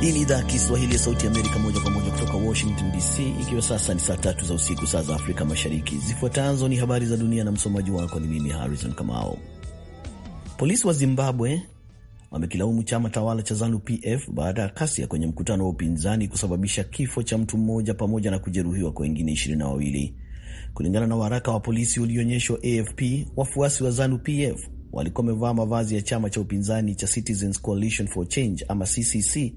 Hii ni idhaa ya Kiswahili ya Sauti Amerika, moja kwa moja kutoka Washington DC, ikiwa sasa ni saa tatu za usiku, saa za Afrika Mashariki. Zifuatazo ni habari za dunia na msomaji wako ni mimi Harrison Kamao. Polisi wa Zimbabwe wamekilaumu chama tawala cha ZANU-PF baada ya kasia kwenye mkutano wa upinzani kusababisha kifo cha mtu mmoja pamoja na kujeruhiwa kwa wengine ishirini na wawili, kulingana na waraka wa polisi ulioonyeshwa AFP. Wafuasi wa ZANU-PF walikuwa wamevaa mavazi ya chama cha upinzani cha Citizens Coalition for Change ama CCC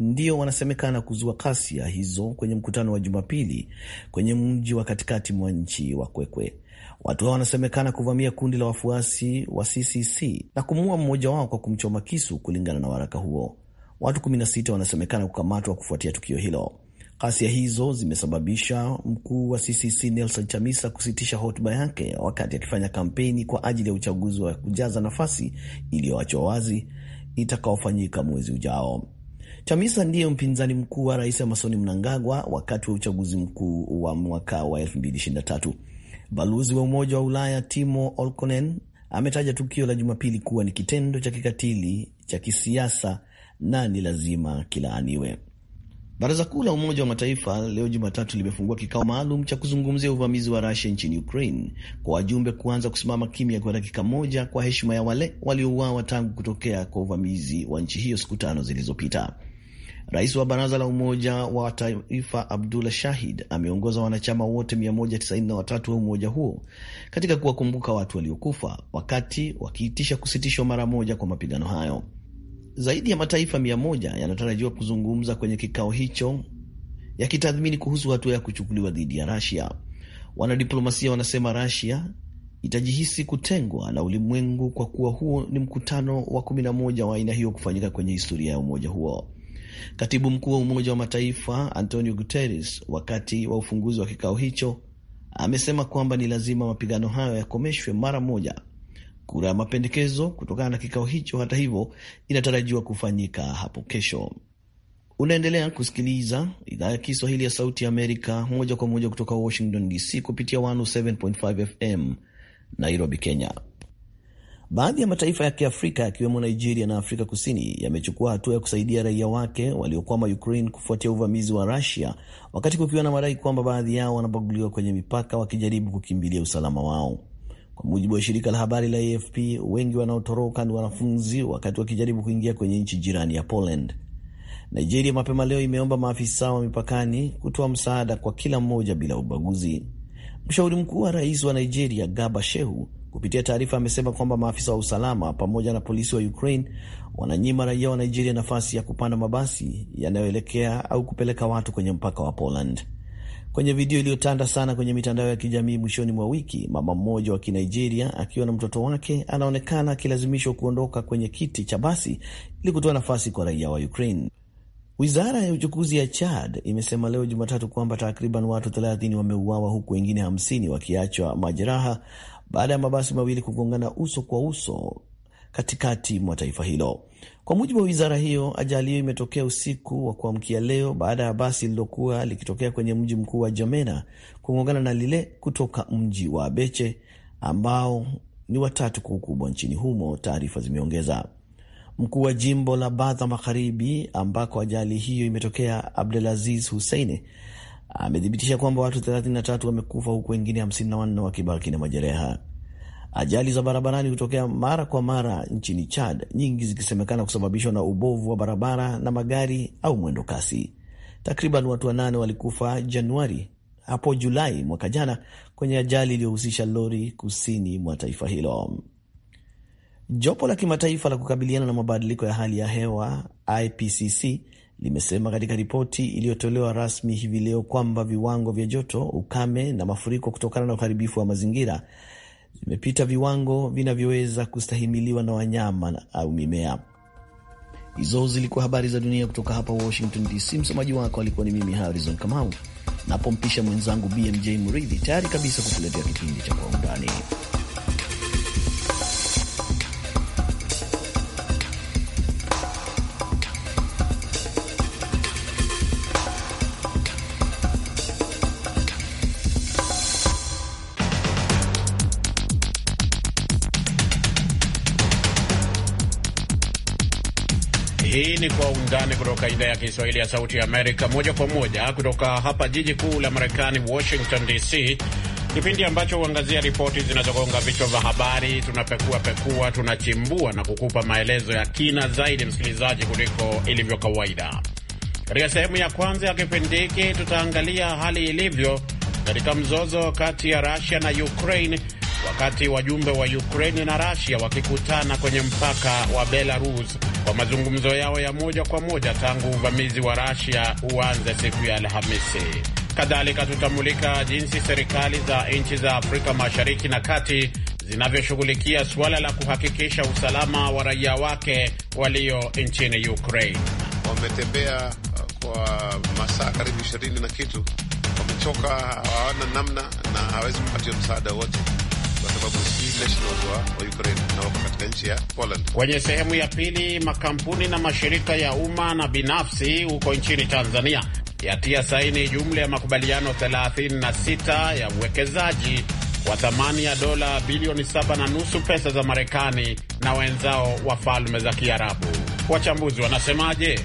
ndio wanasemekana kuzua kasia hizo kwenye mkutano wa Jumapili kwenye mji wa katikati mwa nchi wa Kwekwe. Watu hao wanasemekana kuvamia kundi la wafuasi wa CCC na kumuua mmoja wao kwa kumchoma kisu, kulingana na waraka huo. Watu 16 wanasemekana kukamatwa kufuatia tukio hilo. Ghasia hizo zimesababisha mkuu wa CCC Nelson Chamisa kusitisha hotuba yake wakati akifanya kampeni kwa ajili ya uchaguzi wa kujaza nafasi iliyoachwa wazi itakaofanyika mwezi ujao. Chamisa ndiye mpinzani mkuu wa rais amasoni Mnangagwa wakati wa uchaguzi mkuu wa mwaka wa 2023. Balozi wa Umoja wa Ulaya Timo Olkonen ametaja tukio la Jumapili kuwa ni kitendo cha kikatili cha kisiasa na ni lazima kilaaniwe. Baraza Kuu la Umoja wa Mataifa leo Jumatatu limefungua kikao maalum cha kuzungumzia uvamizi wa Rusia nchini Ukraine, kwa wajumbe kuanza kusimama kimya kwa dakika moja kwa heshima ya wale waliouawa tangu kutokea kwa uvamizi wa nchi hiyo siku tano zilizopita. Rais wa Baraza la Umoja wa taifa Abdullah Shahid ameongoza wanachama wote 193 wa umoja huo katika kuwakumbuka watu waliokufa, wakati wakiitisha kusitishwa mara moja kwa mapigano hayo. Zaidi ya mataifa mia moja yanatarajiwa kuzungumza kwenye kikao hicho yakitathmini kuhusu hatua ya kuchukuliwa dhidi ya rasia Wanadiplomasia wanasema rasia itajihisi kutengwa na ulimwengu kwa kuwa huo ni mkutano wa moja wa aina hiyo kufanyika kwenye historia ya umoja huo. Katibu mkuu wa Umoja wa Mataifa Antonio Guterres, wakati wa ufunguzi wa kikao hicho, amesema kwamba ni lazima mapigano hayo yakomeshwe mara moja Kura ya mapendekezo kutokana na kikao hicho, hata hivyo, inatarajiwa kufanyika hapo kesho. Unaendelea kusikiliza idhaa ya Kiswahili ya Sauti ya Amerika moja kwa moja kutoka Washington DC kupitia 107.5 FM Nairobi, Kenya. Baadhi ya mataifa ya Kiafrika yakiwemo Nigeria na Afrika Kusini yamechukua hatua ya kusaidia raia wake waliokwama Ukraine kufuatia uvamizi wa Rusia, wakati kukiwa na madai kwamba baadhi yao wanabaguliwa kwenye mipaka wakijaribu kukimbilia usalama wao. Kwa mujibu wa shirika la habari la AFP, wengi wanaotoroka ni wanafunzi wakati wakijaribu kuingia kwenye nchi jirani ya Poland. Nigeria mapema leo imeomba maafisa wa mipakani kutoa msaada kwa kila mmoja bila ubaguzi. Mshauri mkuu wa rais wa Nigeria Garba Shehu kupitia taarifa amesema kwamba maafisa wa usalama pamoja na polisi wa Ukraine wananyima raia wa Nigeria nafasi ya kupanda mabasi yanayoelekea au kupeleka watu kwenye mpaka wa Poland. Kwenye video iliyotanda sana kwenye mitandao ya kijamii mwishoni mwa wiki, mama mmoja wa Kinigeria akiwa na mtoto wake anaonekana akilazimishwa kuondoka kwenye kiti cha basi ili kutoa nafasi kwa raia wa Ukraine. Wizara ya uchukuzi ya Chad imesema leo Jumatatu kwamba takriban watu 30 wameuawa huku wengine 50 wakiachwa majeraha baada ya mabasi mawili kugongana uso kwa uso katikati mwa taifa hilo. Kwa mujibu wa wizara hiyo, ajali hiyo imetokea usiku wa kuamkia leo baada ya basi lililokuwa likitokea kwenye mji mkuu wa Jamena kungongana na lile kutoka mji wa Abeche ambao ni watatu kwa ukubwa nchini humo, taarifa zimeongeza. Mkuu wa jimbo la Badha Magharibi ambako ajali hiyo imetokea, Abdulaziz Husseini amethibitisha kwamba watu 33 wamekufa huku wengine 54 wakibaki na majereha. Ajali za barabarani hutokea mara kwa mara nchini Chad, nyingi zikisemekana kusababishwa na ubovu wa barabara na magari au mwendo kasi. Takriban watu wanane walikufa Januari hapo Julai mwaka jana kwenye ajali iliyohusisha lori kusini mwa taifa hilo. Jopo la kimataifa la kukabiliana na mabadiliko ya hali ya hewa IPCC limesema katika ripoti iliyotolewa rasmi hivi leo kwamba viwango vya joto, ukame na mafuriko kutokana na uharibifu wa mazingira zimepita viwango vinavyoweza kustahimiliwa na wanyama au mimea. Hizo zilikuwa habari za dunia kutoka hapa Washington DC. Msomaji wako alikuwa ni mimi Harrison Kamau, napompisha mwenzangu BMJ mridhi tayari kabisa kukuletea kipindi cha Kwa Undani. kutoka idhaa ya Kiswahili ya Sauti ya Amerika, moja kwa moja kutoka hapa jiji kuu la Marekani, Washington DC, kipindi ambacho huangazia ripoti zinazogonga vichwa vya habari. Tunapekua pekua, tunachimbua na kukupa maelezo ya kina zaidi, msikilizaji, kuliko ilivyo kawaida. Katika sehemu ya kwanza ya kipindi hiki tutaangalia hali ilivyo katika mzozo kati ya Rusia na Ukraine wakati wajumbe wa Ukraini na rasia wakikutana kwenye mpaka wa Belarus kwa mazungumzo yao ya moja kwa moja tangu uvamizi wa rasia uanze siku ya Alhamisi. Kadhalika tutamulika jinsi serikali za nchi za Afrika Mashariki na Kati zinavyoshughulikia suala la kuhakikisha usalama wa raia wake walio nchini Ukraine. Wametembea uh, kwa masaa karibu ishirini na kitu, wamechoka, hawana namna na hawezi kupatia msaada wote sababu si Ukraine na wako katika nchi ya Poland. Kwenye sehemu ya pili, makampuni na mashirika ya umma na binafsi huko nchini Tanzania yatia saini jumla ya makubaliano 36 ya uwekezaji wa thamani ya dola bilioni 7.5 pesa za Marekani na wenzao wa Falme za Kiarabu. Wachambuzi wanasemaje?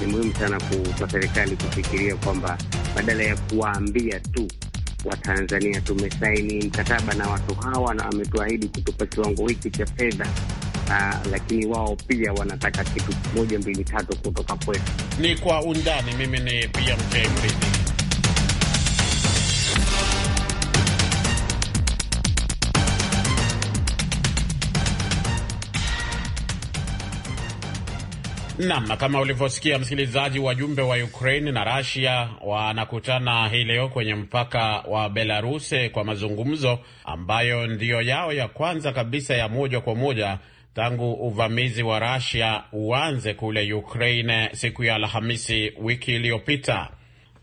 Ni muhimu sana kwa serikali kufikiria kwamba badala ya kuwaambia tu wa Tanzania. Tumesaini mkataba na watu hawa na wametuahidi kutupa kiwango hiki cha fedha. Uh, lakini wao pia wanataka kitu moja mbili tatu kutoka kwetu. Ni kwa undani. Mimi ni BMJ Mridhi. Naam, kama ulivyosikia msikilizaji, wajumbe wa Ukraine na Russia wanakutana hii leo kwenye mpaka wa Belarus kwa mazungumzo ambayo ndiyo yao ya kwanza kabisa ya moja kwa moja tangu uvamizi wa Russia uanze kule Ukraine siku ya Alhamisi wiki iliyopita.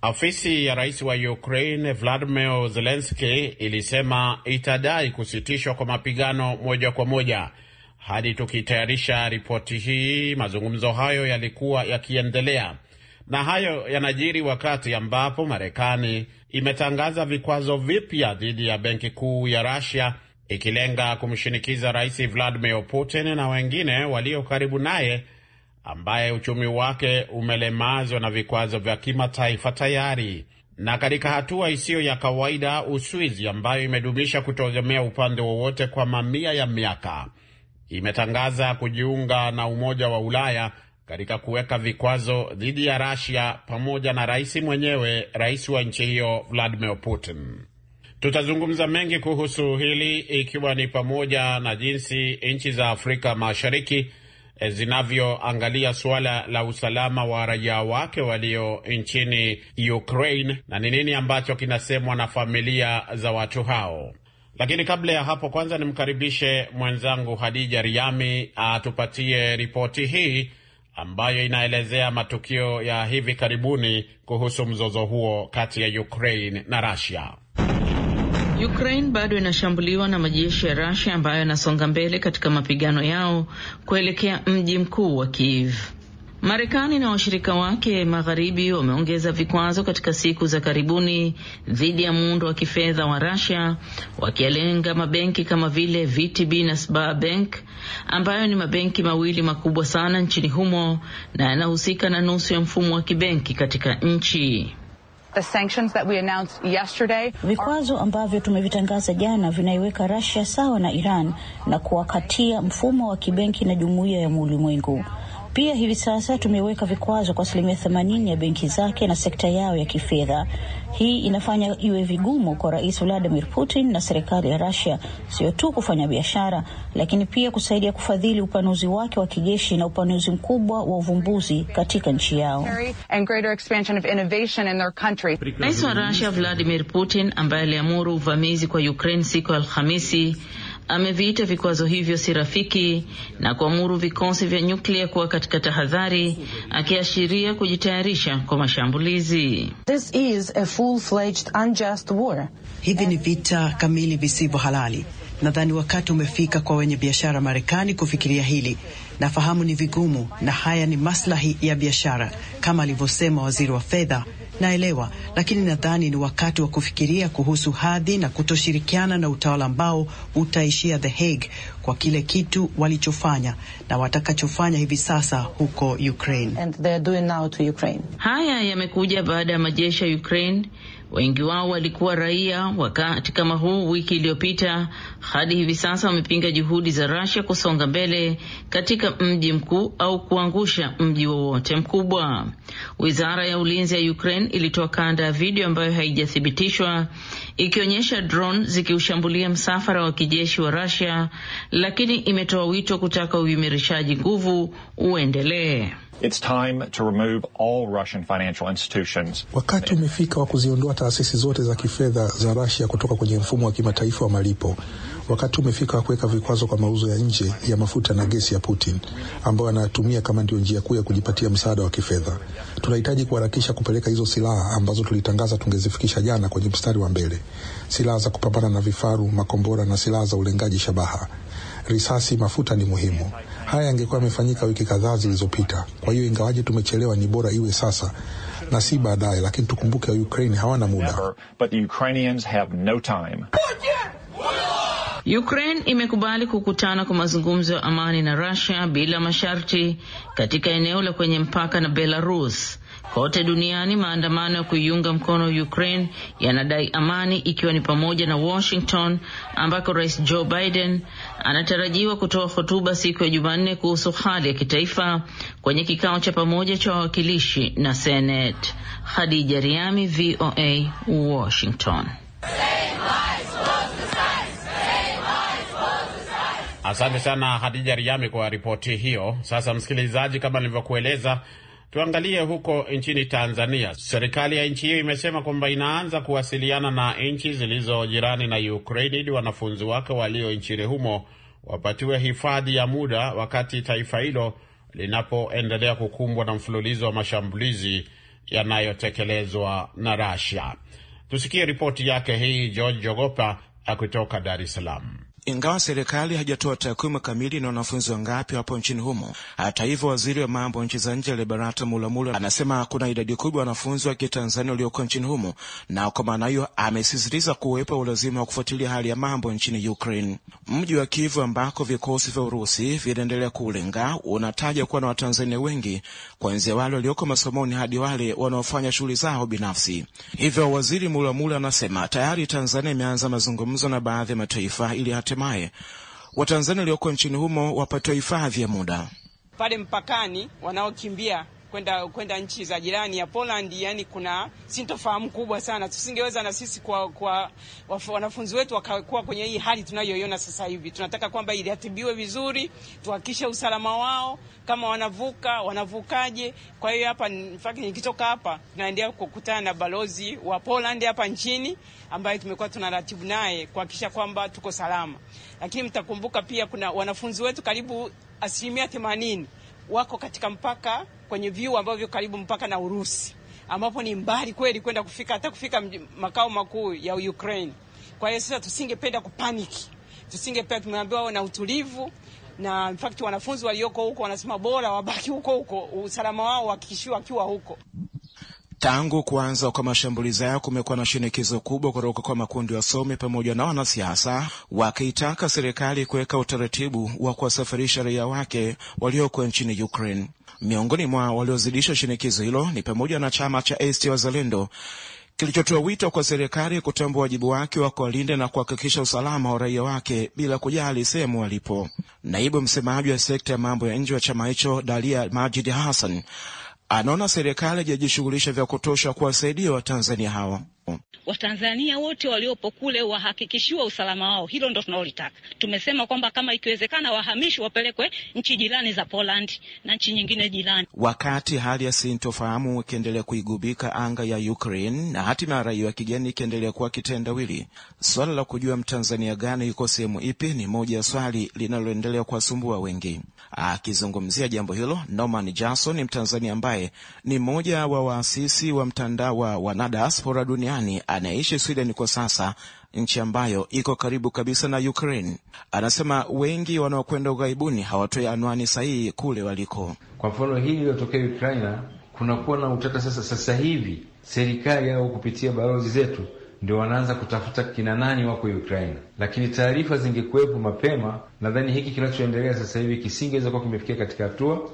Ofisi ya rais wa Ukraine Vladimir Zelensky ilisema itadai kusitishwa kwa mapigano moja kwa moja. Hadi tukitayarisha ripoti hii, mazungumzo hayo yalikuwa yakiendelea, na hayo yanajiri wakati ambapo Marekani imetangaza vikwazo vipya dhidi ya benki kuu ya Russia ikilenga kumshinikiza Rais Vladimir Putin na wengine walio karibu naye ambaye uchumi wake umelemazwa na vikwazo vya kimataifa tayari. Na katika hatua isiyo ya kawaida, Uswizi ambayo imedumisha kutoegemea upande wowote kwa mamia ya miaka imetangaza kujiunga na Umoja wa Ulaya katika kuweka vikwazo dhidi ya rasia pamoja na rais mwenyewe, rais wa nchi hiyo Vladimir Putin. Tutazungumza mengi kuhusu hili ikiwa ni pamoja na jinsi nchi za Afrika Mashariki eh, zinavyoangalia suala la usalama wa raia wake walio nchini Ukraine na ni nini ambacho kinasemwa na familia za watu hao. Lakini kabla ya hapo, kwanza nimkaribishe mwenzangu Hadija Riami atupatie ripoti hii ambayo inaelezea matukio ya hivi karibuni kuhusu mzozo huo kati ya Ukraine na Russia. Ukraine bado inashambuliwa na majeshi ya Russia ambayo yanasonga mbele katika mapigano yao kuelekea mji mkuu wa Kiev. Marekani na washirika wake magharibi wameongeza vikwazo katika siku za karibuni dhidi ya muundo wa kifedha wa Russia, wakialenga mabenki kama vile VTB na Sberbank ambayo ni mabenki mawili makubwa sana nchini humo na yanahusika na nusu ya mfumo wa kibenki katika nchi. Vikwazo ambavyo tumevitangaza jana vinaiweka Russia sawa na Iran na kuwakatia mfumo wa kibenki na jumuiya ya ulimwengu. Pia hivi sasa tumeweka vikwazo kwa asilimia themanini ya benki zake na sekta yao ya kifedha. Hii inafanya iwe vigumu kwa Rais Vladimir Putin na serikali ya Rusia sio tu kufanya biashara, lakini pia kusaidia kufadhili upanuzi wake wa kijeshi na upanuzi mkubwa wa uvumbuzi katika nchi yao. Rais wa Rusia Vladimir Putin ambaye aliamuru uvamizi kwa Ukraine siku ya Alhamisi ameviita vikwazo hivyo si rafiki na kuamuru vikosi vya nyuklia kuwa katika tahadhari, akiashiria kujitayarisha kwa mashambulizi. This is a full-fledged unjust war. Hivi ni vita kamili visivyo halali. Nadhani wakati umefika kwa wenye biashara Marekani kufikiria hili. Nafahamu ni vigumu, na haya ni maslahi ya biashara, kama alivyosema waziri wa fedha naelewa, lakini nadhani ni wakati wa kufikiria kuhusu hadhi na kutoshirikiana na utawala ambao utaishia The Hague kwa kile kitu walichofanya na watakachofanya hivi sasa huko Ukraine. And doing now to Ukraine. Haya yamekuja baada ya majeshi ya Ukraine Wengi wao walikuwa raia wakati kama huu wiki iliyopita. Hadi hivi sasa wamepinga juhudi za Russia kusonga mbele katika mji mkuu au kuangusha mji wowote mkubwa. Wizara ya ulinzi ya Ukraine ilitoa kanda ya video ambayo haijathibitishwa ikionyesha drone zikiushambulia msafara wa kijeshi wa Russia, lakini imetoa wito kutaka uimarishaji nguvu uendelee. It's time to remove all Russian financial institutions. Wakati umefika wa kuziondoa taasisi zote za kifedha za Russia kutoka kwenye mfumo wa kimataifa wa malipo. Wakati umefika wa kuweka vikwazo kwa mauzo ya nje ya mafuta na gesi ya Putin ambayo anatumia kama ndio njia kuu ya kujipatia msaada wa kifedha. Tunahitaji kuharakisha kupeleka hizo silaha ambazo tulitangaza tungezifikisha jana kwenye mstari wa mbele. Silaha za kupambana na vifaru, makombora na silaha za ulengaji shabaha. Risasi, mafuta ni muhimu. Haya yangekuwa yamefanyika wiki kadhaa zilizopita. Kwa hiyo ingawaje tumechelewa, ni bora iwe sasa na si baadaye, lakini tukumbuke Ukraine hawana muda. Ukraine imekubali kukutana kwa mazungumzo ya amani na Russia bila masharti katika eneo la kwenye mpaka na Belarus Kote duniani maandamano ya kuiunga mkono Ukraine yanadai amani, ikiwa ni pamoja na Washington ambako Rais Joe Biden anatarajiwa kutoa hotuba siku ya Jumanne kuhusu hali ya kitaifa kwenye kikao cha pamoja cha wawakilishi na Senate. Hadija Riami, VOA, Washington. Asante sana Hadija Riami kwa ripoti hiyo. Sasa msikilizaji, kama nilivyokueleza Tuangalie huko nchini Tanzania. Serikali ya nchi hiyo imesema kwamba inaanza kuwasiliana na nchi zilizo jirani na Ukraine ili wanafunzi wake walio nchini humo wapatiwe hifadhi ya muda wakati taifa hilo linapoendelea kukumbwa na mfululizo wa mashambulizi yanayotekelezwa na Russia. Tusikie ripoti yake hii George Jogopa kutoka Dar es Salaam. Ingawa serikali hajatoa takwimu kamili na wanafunzi wangapi wapo nchini humo. Hata hivyo, waziri wa mambo nchi za nje Liberata Mulamula anasema kuna idadi kubwa ya wanafunzi wa Kitanzania walioko nchini humo, na kwa maana hiyo amesisitiza kuwepo ulazima wa kufuatilia hali ya mambo nchini Ukraine. Mji wa Kivu ambako vikosi vya Urusi vinaendelea kuulenga unataja kuwa na Watanzania wengi, kuanzia wale walioko masomoni hadi wale wanaofanya shughuli zao binafsi. Hivyo waziri Mulamula anasema tayari Tanzania imeanza mazungumzo na baadhi ya mataifa ili hata hatimaye Watanzania walioko nchini humo wapatiwa hifadhi ya muda pale mpakani wanaokimbia kwenda kwenda nchi za jirani ya Poland. Yani kuna sintofahamu kubwa sana, tusingeweza na sisi kwa, kwa wanafunzi wetu wakakuwa kwenye hii hali tunayoiona sasa hivi. Tunataka kwamba iliatibiwe vizuri, tuhakikishe usalama wao, kama wanavuka wanavukaje. Kwa hiyo hapa mfaki, nikitoka hapa tunaendelea kukutana na balozi wa Poland hapa nchini ambaye tumekuwa tunaratibu naye kuhakikisha kwamba tuko salama, lakini mtakumbuka pia kuna wanafunzi wetu karibu asilimia themanini wako katika mpaka kwenye vyuo ambavyo karibu mpaka na Urusi, ambapo ni mbali kweli kwenda kufika hata kufika makao makuu ya Ukraine. Kwa hiyo sasa tusingependa kupaniki, tusingependa tumeambiwa wao na utulivu na in fact wanafunzi walioko huko wanasema bora wabaki huko huko, usalama wao wahakikishiwa wakiwa huko. Tangu kuanza kwa mashambulizi hayo kumekuwa na shinikizo kubwa kutoka kwa makundi ya wasomi pamoja na wanasiasa, wakiitaka serikali kuweka utaratibu wa kuwasafirisha raia wake walioko nchini Ukraine. Miongoni mwa waliozidisha shinikizo hilo ni pamoja na chama cha ACT Wazalendo kilichotoa wito kwa serikali kutambua wajibu wake wa kuwalinda na kuhakikisha usalama wa raia wake bila kujali sehemu walipo. Naibu msemaji wa sekta ya mambo ya nje wa chama hicho Dalia Majid Hassan anaona serikali haijajishughulisha vya kutosha kuwasaidia Watanzania hawa. Watanzania wote waliopo kule wahakikishiwa usalama wao. Hilo ndo tunalolitaka. Tumesema kwamba kama ikiwezekana, wahamishi wapelekwe nchi jirani za Poland na nchi nyingine jirani. Wakati hali ya sintofahamu ikiendelea kuigubika anga ya Ukraine na hatima ya raia wa kigeni ikiendelea kuwa kitendawili, swala la kujua mtanzania gani yuko sehemu ipi ni moja ya swali linaloendelea kuwasumbua wengi. Akizungumzia jambo hilo, Norman Jason ni mtanzania ambaye ni mmoja wa waasisi wa mtandao wa wanadiaspora duniani Marekani anayeishi Sweden kwa sasa, nchi ambayo iko karibu kabisa na Ukraine. Anasema wengi wanaokwenda ughaibuni hawatoi anwani sahihi kule waliko. Kwa mfano hili iliyotokea Ukraina, kunakuwa na utata sasa. Sasa hivi serikali au kupitia balozi zetu ndio wanaanza kutafuta kina nani wako Ukraina, lakini taarifa zingekuwepo mapema, nadhani hiki kinachoendelea sasa hivi kisingeweza kuwa kimefikia katika hatua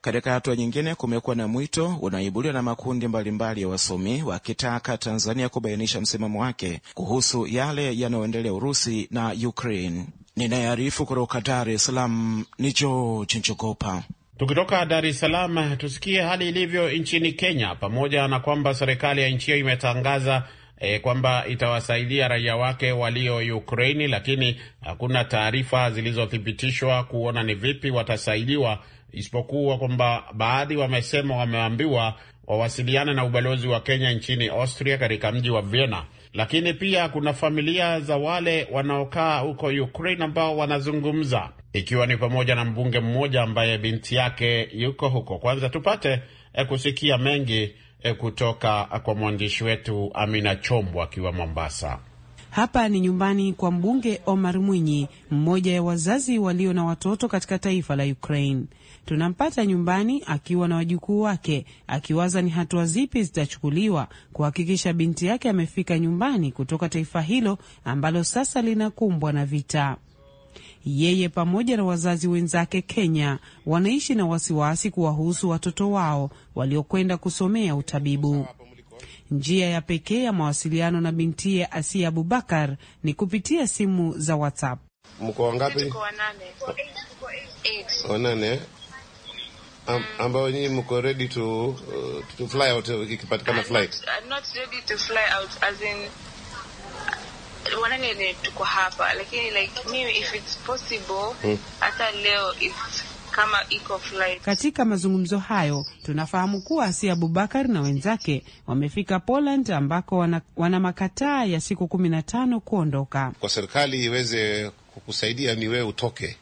katika hatua nyingine, kumekuwa na mwito unaoibuliwa na makundi mbalimbali ya wasomi wakitaka Tanzania kubainisha msimamo wake kuhusu yale yanayoendelea Urusi na Ukraine. Ninayearifu kutoka Dar es Salaam ni George Njogopa. Tukitoka Dar es Salaam, tusikie hali ilivyo nchini Kenya, pamoja na kwamba serikali ya nchi hiyo imetangaza E, kwamba itawasaidia raia wake walio Ukraini, lakini hakuna taarifa zilizothibitishwa kuona ni vipi watasaidiwa isipokuwa kwamba baadhi wamesema wameambiwa wawasiliane na ubalozi wa Kenya nchini Austria katika mji wa Vienna. Lakini pia kuna familia za wale wanaokaa huko Ukraine ambao wanazungumza, ikiwa ni pamoja na mbunge mmoja ambaye binti yake yuko huko. Kwanza tupate e, kusikia mengi e, kutoka ah, kwa mwandishi wetu Amina Chombo akiwa Mombasa. Hapa ni nyumbani kwa mbunge Omar Mwinyi, mmoja ya wazazi walio na watoto katika taifa la Ukraine. Tunampata nyumbani akiwa na wajukuu wake, akiwaza ni hatua zipi zitachukuliwa kuhakikisha binti yake amefika nyumbani kutoka taifa hilo ambalo sasa linakumbwa na vita. Yeye pamoja na wazazi wenzake Kenya wanaishi na wasiwasi kuwahusu watoto wao waliokwenda kusomea utabibu. Njia ya pekee ya mawasiliano na bintie Asia Abubakar ni kupitia simu za WhatsApp. Mko wangapi? Wanane Am, mm. ambao nyinyi mko ready to, uh, to fly out uh, ikipatikana flight? I'm not ready to fly out as in uh, wanane tuko hapa lakini like mimi if it's possible hmm. hata leo if kama iko flight. Katika mazungumzo hayo tunafahamu kuwa si Abubakar na wenzake wamefika Poland ambako wana, wana makataa ya siku kumi na tano kuondoka. Kwa serikali iweze kukusaidia ni wewe utoke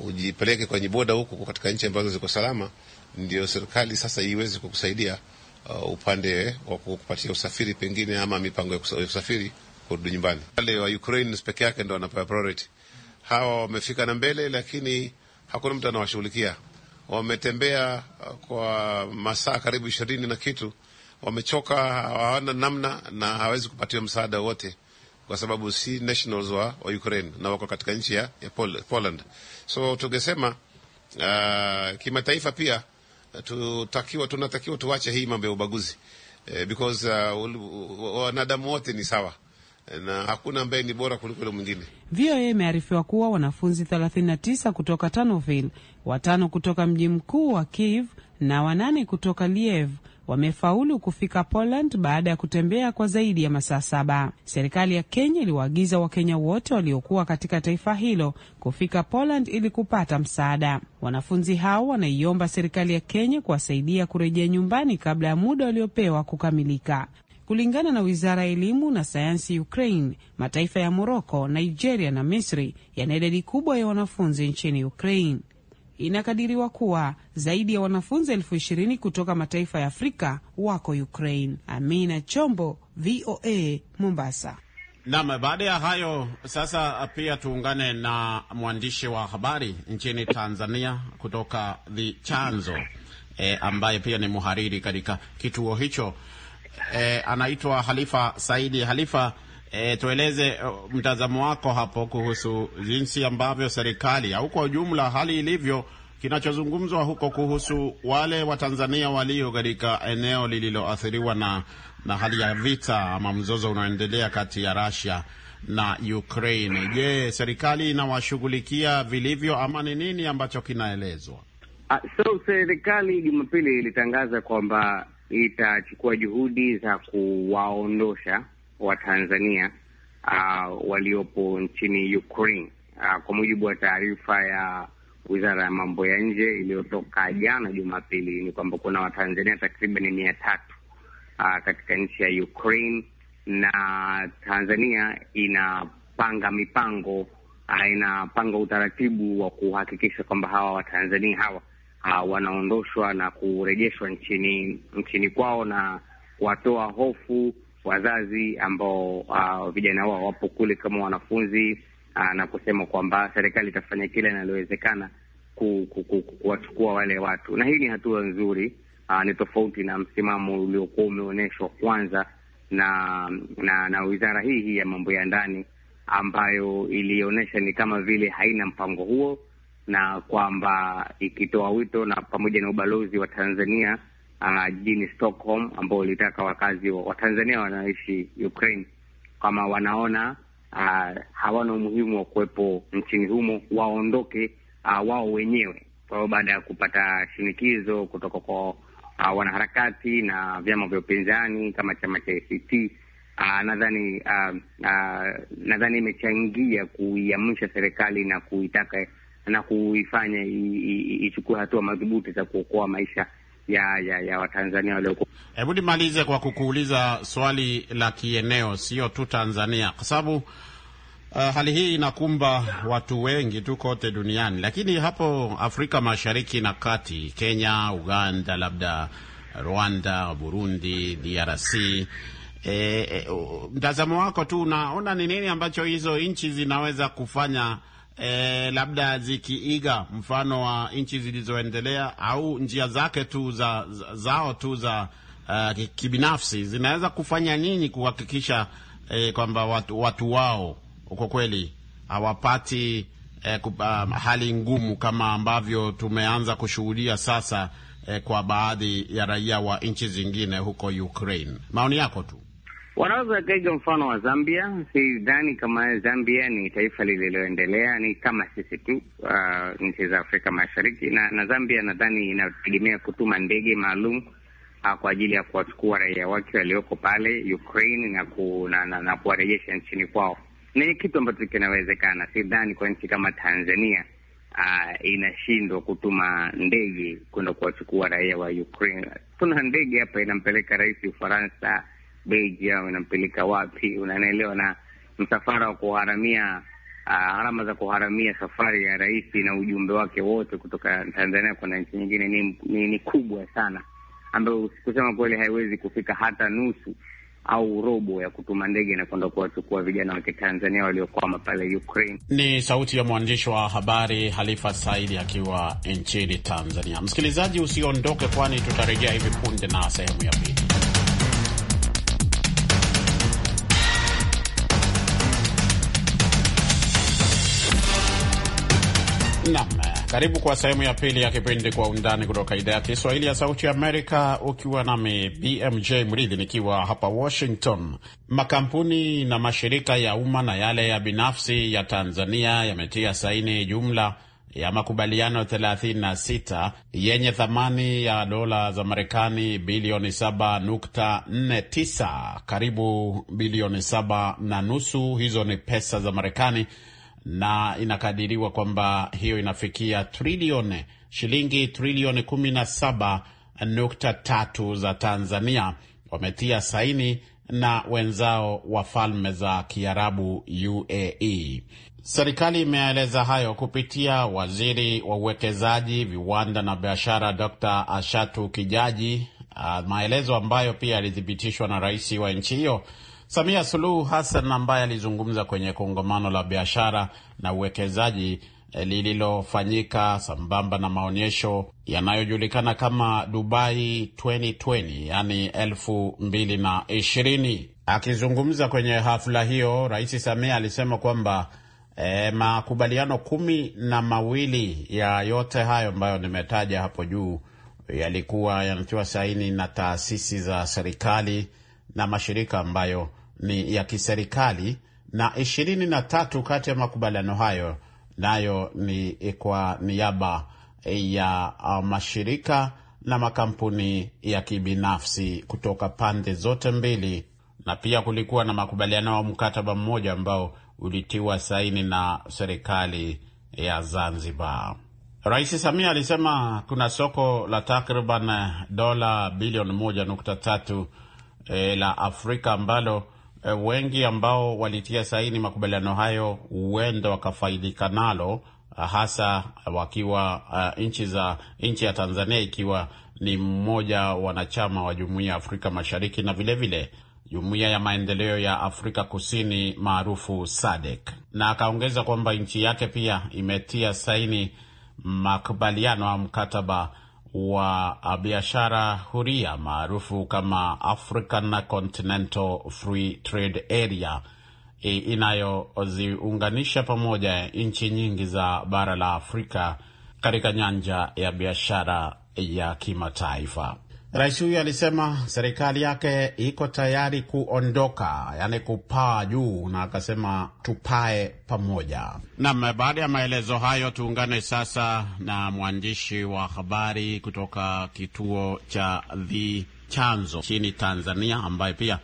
ujipeleke kwenye boda huku katika nchi ambazo ziko salama, ndio serikali sasa iweze kukusaidia uh, upande wa kukupatia usafiri pengine ama mipango ya usafiri kurudi nyumbani. Wale wa Ukraine peke yake ndo wanapewa priority. Hawa wamefika na mbele, lakini hakuna mtu anawashughulikia. Wametembea uh, kwa masaa karibu ishirini na kitu, wamechoka, hawana namna na hawezi kupatiwa msaada wote kwa sababu si nationals wa, wa Ukraine na wako katika nchi ya, ya Pol Poland. So tungesema uh, kimataifa pia uh, tutakiwa tunatakiwa tuache hii mambo ya ubaguzi eh, because uh, wanadamu wote ni sawa na hakuna ambaye ni bora kuliko yule mwingine. VOA imearifiwa kuwa wanafunzi 39 kutoka tanoville watano kutoka mji mkuu wa Kiev na wanane kutoka Liev wamefaulu kufika Poland baada ya kutembea kwa zaidi ya masaa saba. Serikali ya Kenya iliwaagiza Wakenya wote waliokuwa katika taifa hilo kufika Poland ili kupata msaada. Wanafunzi hao wanaiomba serikali ya Kenya kuwasaidia kurejea nyumbani kabla ya muda waliopewa kukamilika. Kulingana na wizara ya elimu na sayansi Ukraine, mataifa ya Moroko, Nigeria na Misri yana idadi kubwa ya wanafunzi nchini Ukraine. Inakadiriwa kuwa zaidi ya wanafunzi elfu ishirini kutoka mataifa ya Afrika wako Ukraine. Amina Chombo, VOA, Mombasa. Nam, baada ya hayo sasa pia tuungane na mwandishi wa habari nchini Tanzania kutoka The Chanzo, e, ambaye pia ni mhariri katika kituo hicho eh, anaitwa Halifa Saidi. Halifa, eh, tueleze eh, mtazamo wako hapo kuhusu jinsi ambavyo serikali au kwa ujumla hali ilivyo, kinachozungumzwa huko kuhusu wale Watanzania walio katika eneo lililoathiriwa na, na hali ya vita ama mzozo unaoendelea kati ya Russia na Ukraine. Je, serikali inawashughulikia vilivyo ama ni nini ambacho kinaelezwa? Ah, so serikali Jumapili ilitangaza kwamba itachukua juhudi za kuwaondosha Watanzania uh, waliopo nchini Ukraine uh, kwa mujibu wa taarifa ya Wizara ya Mambo ya Nje iliyotoka jana Jumapili ni kwamba kuna Watanzania takriban mia tatu uh, katika nchi ya Ukraine na Tanzania inapanga mipango, inapanga utaratibu wa kuhakikisha kwamba hawa Watanzania hawa uh, wanaondoshwa na kurejeshwa nchini nchini kwao na kuwatoa hofu wazazi ambao uh, vijana wao wapo kule kama wanafunzi uh, na kusema kwamba serikali itafanya kile inalowezekana kuwachukua wale watu, na hii ni hatua nzuri uh, ni tofauti na msimamo uliokuwa umeonyeshwa kwanza na na na wizara hii hii ya mambo ya ndani ambayo ilionyesha ni kama vile haina mpango huo na kwamba ikitoa wito na pamoja na ubalozi wa Tanzania uh, jijini uh, Stockholm ambao ulitaka wakazi wa Tanzania wanaishi Ukraine kama wanaona uh, hawana umuhimu wa kuwepo nchini humo waondoke uh, wao wenyewe. Kwa hiyo baada ya kupata shinikizo kutoka kwa uh, wanaharakati na vyama vya upinzani kama chama cha ACT Uh, nadhani uh, uh, nadhani imechangia kuiamsha serikali na kuitaka na kuifanya ichukue hatua madhubuti za kuokoa maisha ya ya, ya Watanzania walioko. Hebu nimalize kwa kukuuliza swali la kieneo, sio tu Tanzania, kwa sababu uh, hali hii inakumba watu wengi tu kote duniani, lakini hapo Afrika Mashariki na Kati, Kenya, Uganda, labda Rwanda, Burundi, DRC E, eh, e, eh, mtazamo wako tu unaona ni nini ambacho hizo nchi zinaweza kufanya e, labda zikiiga mfano wa nchi zilizoendelea au njia zake tu za, zao tu za uh, kibinafsi zinaweza kufanya nini kuhakikisha eh, kwamba watu, watu wao kwa kweli hawapati eh, uh, hali ngumu kama ambavyo tumeanza kushuhudia sasa eh, kwa baadhi ya raia wa nchi zingine huko Ukraine. Maoni yako tu. Wanaweza wakaiga mfano wa Zambia. Sidhani kama Zambia ni taifa lililoendelea, ni kama sisi tu, uh, nchi za Afrika Mashariki na, na Zambia nadhani inategemea kutuma ndege maalum uh, kwa ajili ya kuwachukua raia wake walioko pale Ukraine na, ku, na, na, na kuwarejesha nchini kwao. Ni kitu ambacho kinawezekana. Sidhani kwa nchi kama Tanzania uh, inashindwa kutuma ndege kwenda kuwachukua raia wa Ukraine. Tuna ndege hapa inampeleka rais Ufaransa Belgium inampeleka wapi, unanaelewa Na msafara wa kuharamia gharama ah, za kuharamia safari ya rais na ujumbe wake wote kutoka Tanzania kwenda nchi nyingine ni, ni, ni kubwa sana, ambayo kusema kweli haiwezi kufika hata nusu au robo ya kutuma ndege na kwenda kuwachukua vijana wa Kitanzania waliokwama pale Ukraine. Ni sauti ya mwandishi wa habari Halifa Saidi akiwa nchini Tanzania. Msikilizaji, usiondoke, kwani tutarejea hivi punde na sehemu ya pili. Karibu kwa sehemu ya pili ya kipindi Kwa Undani kutoka idhaa ya Kiswahili ya Sauti Amerika, ukiwa nami BMJ Mridhi nikiwa hapa Washington. Makampuni na mashirika ya umma na yale ya binafsi ya Tanzania yametia saini jumla ya makubaliano 36 yenye thamani ya dola za Marekani bilioni 7.49, karibu bilioni 7 na nusu. Hizo ni pesa za Marekani na inakadiriwa kwamba hiyo inafikia trilioni shilingi trilioni 17.3 za Tanzania wametia saini na wenzao wa Falme za Kiarabu UAE. Serikali imeeleza hayo kupitia waziri wa uwekezaji, viwanda na biashara, Dr. Ashatu Kijaji, ah, maelezo ambayo pia yalithibitishwa na rais wa nchi hiyo Samia Suluhu Hassan ambaye alizungumza kwenye kongamano la biashara na uwekezaji eh, lililofanyika sambamba na maonyesho yanayojulikana kama Dubai 2020 yani elfu mbili na ishirini. Akizungumza kwenye hafla hiyo, Rais Samia alisema kwamba e, makubaliano kumi na mawili ya yote hayo ambayo nimetaja hapo juu yalikuwa yanatiwa saini na taasisi za serikali na mashirika ambayo ni ya kiserikali na ishirini na tatu kati ya makubaliano hayo nayo ni kwa niaba ya uh, mashirika na makampuni ya kibinafsi kutoka pande zote mbili, na pia kulikuwa na makubaliano ya mkataba mmoja ambao ulitiwa saini na serikali ya Zanzibar. Rais Samia alisema kuna soko la takriban dola bilioni moja nukta tatu e, la Afrika ambalo Eh, wengi ambao walitia saini makubaliano hayo huenda wakafaidika nalo, eh, hasa wakiwa uh, nchi za nchi ya Tanzania ikiwa ni mmoja wanachama wa Jumuiya ya Afrika Mashariki na vilevile Jumuiya ya Maendeleo ya Afrika Kusini maarufu SADC. Na akaongeza kwamba nchi yake pia imetia saini makubaliano au mkataba wa biashara huria maarufu kama African Continental Free Trade Area inayoziunganisha pamoja nchi nyingi za bara la Afrika katika nyanja ya biashara ya kimataifa. Rais huyo alisema serikali yake iko tayari kuondoka, yaani kupaa juu, na akasema tupae pamoja. Naam, baada ya maelezo hayo, tuungane sasa na mwandishi wa habari kutoka kituo cha The Chanzo nchini Tanzania, ambaye pia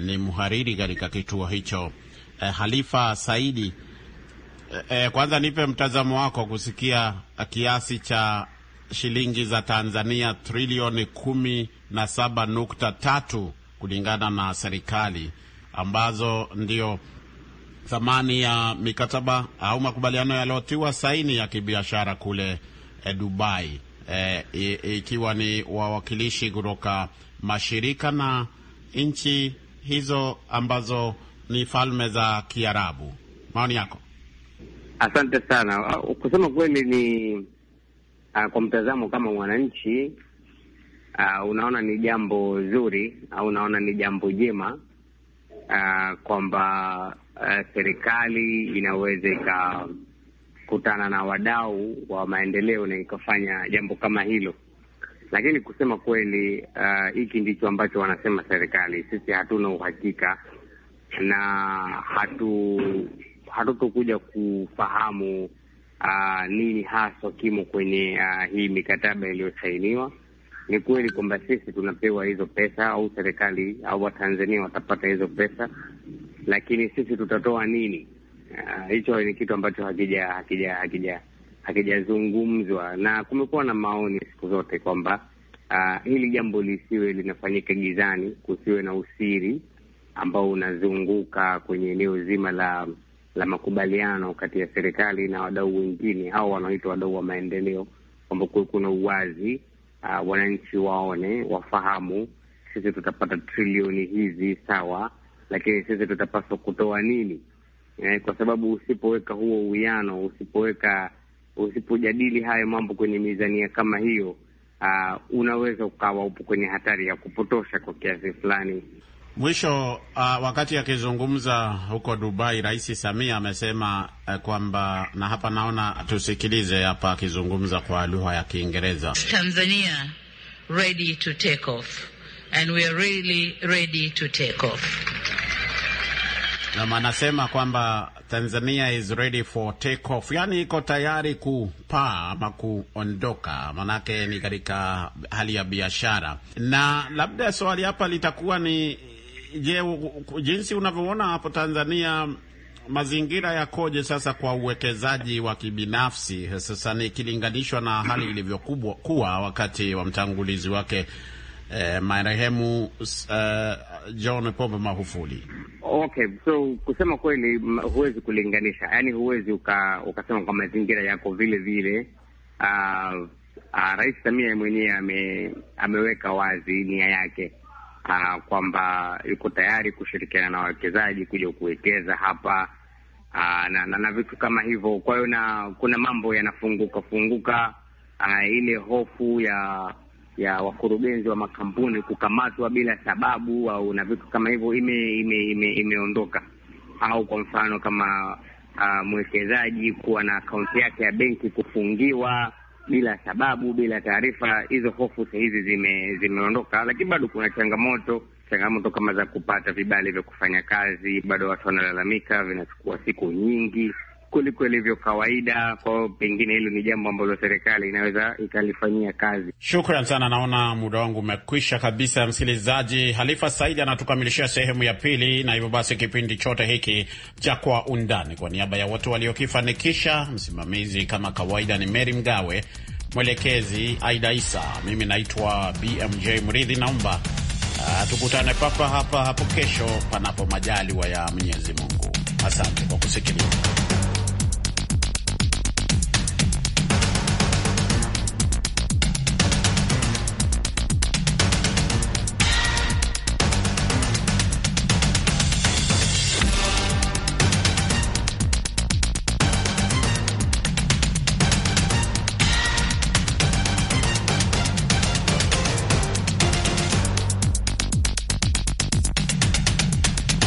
ni mhariri katika kituo hicho, eh, Halifa Saidi. Eh, eh kwanza nipe mtazamo wako kusikia kiasi cha shilingi za Tanzania trilioni kumi na saba nukta tatu kulingana na serikali ambazo ndio thamani ya mikataba au makubaliano yaliyotiwa saini ya kibiashara kule e, Dubai eh, ikiwa ni wawakilishi kutoka mashirika na nchi hizo ambazo ni falme za Kiarabu. Maoni yako? Asante sana. Kusema kweli ni uh, kwa mtazamo kama mwananchi uh, unaona ni jambo zuri au uh, unaona ni jambo jema uh, kwamba uh, serikali inaweza ikakutana na wadau wa maendeleo na ikafanya jambo kama hilo. Lakini kusema kweli, hiki uh, ndicho ambacho wanasema serikali. Sisi hatuna uhakika na hatu hatutokuja kufahamu uh, nini haswa kimo kwenye uh, hii mikataba iliyosainiwa. Ni kweli kwamba sisi tunapewa hizo pesa au serikali au Watanzania watapata hizo pesa, lakini sisi tutatoa nini? Ah, hicho ni kitu ambacho hakija hakija hakija hakijazungumzwa, na kumekuwa na maoni siku zote kwamba Uh, hili jambo lisiwe linafanyika gizani, kusiwe na usiri ambao unazunguka kwenye eneo zima la la makubaliano kati ya serikali na wadau wengine au wanaoitwa wadau wa maendeleo, kwamba kuwe kuna uwazi uh, wananchi waone, wafahamu sisi tutapata trilioni hizi sawa, lakini sisi tutapaswa kutoa nini? Eh, kwa sababu usipoweka huo uwiano, usipoweka usipojadili hayo mambo kwenye mizania kama hiyo, uh, unaweza ukawa upo kwenye hatari ya kupotosha kwa kiasi fulani Mwisho uh, wakati akizungumza huko Dubai, Rais Samia amesema uh, kwamba na hapa naona tusikilize hapa akizungumza kwa lugha ya Kiingereza. Tanzania ready to take off and we are really ready to take off. Na anasema kwamba Tanzania is ready for take off, yani iko tayari kupaa ama kuondoka, manake ni katika hali ya biashara. Na labda swali hapa litakuwa ni Je, jinsi unavyoona hapo Tanzania mazingira yakoje sasa kwa uwekezaji wa kibinafsi sasa ikilinganishwa na hali ilivyokuwa wakati wa mtangulizi wake eh, marehemu uh, John Pombe Magufuli? Okay, so kusema kweli huwezi kulinganisha, yaani huwezi uka, ukasema kwa mazingira yako vile vile. Uh, uh, Rais Samia mwenyewe ame, ameweka wazi nia yake uh, kwamba yuko tayari kushirikiana na wawekezaji kuja kuwekeza hapa uh, na, na, na vitu kama hivyo. Kwa hiyo na kuna mambo yanafunguka funguka uh, ile hofu ya ya wakurugenzi wa makampuni kukamatwa bila sababu au na vitu kama hivyo imeondoka ime, ime au kwa mfano kama uh, mwekezaji kuwa na akaunti yake ya benki kufungiwa bila sababu, bila taarifa. Hizo hofu sahizi zime- zimeondoka, lakini bado kuna changamoto changamoto kama za kupata vibali vya kufanya kazi, bado watu wanalalamika, vinachukua siku nyingi kuliko ilivyo kawaida. Kwao pengine hilo ni jambo ambalo serikali inaweza ikalifanyia kazi. Shukran sana, naona muda wangu umekwisha kabisa. Msikilizaji, Halifa Saidi anatukamilishia sehemu ya pili, na hivyo basi kipindi chote hiki cha Kwa Undani, kwa niaba ya watu waliokifanikisha, msimamizi kama kawaida ni Meri Mgawe, mwelekezi Aida Isa, mimi naitwa BMJ Mridhi. Naomba uh, tukutane papa hapa hapo kesho, panapo majaliwa ya Mwenyezi Mungu. Asante kwa kusikiliza.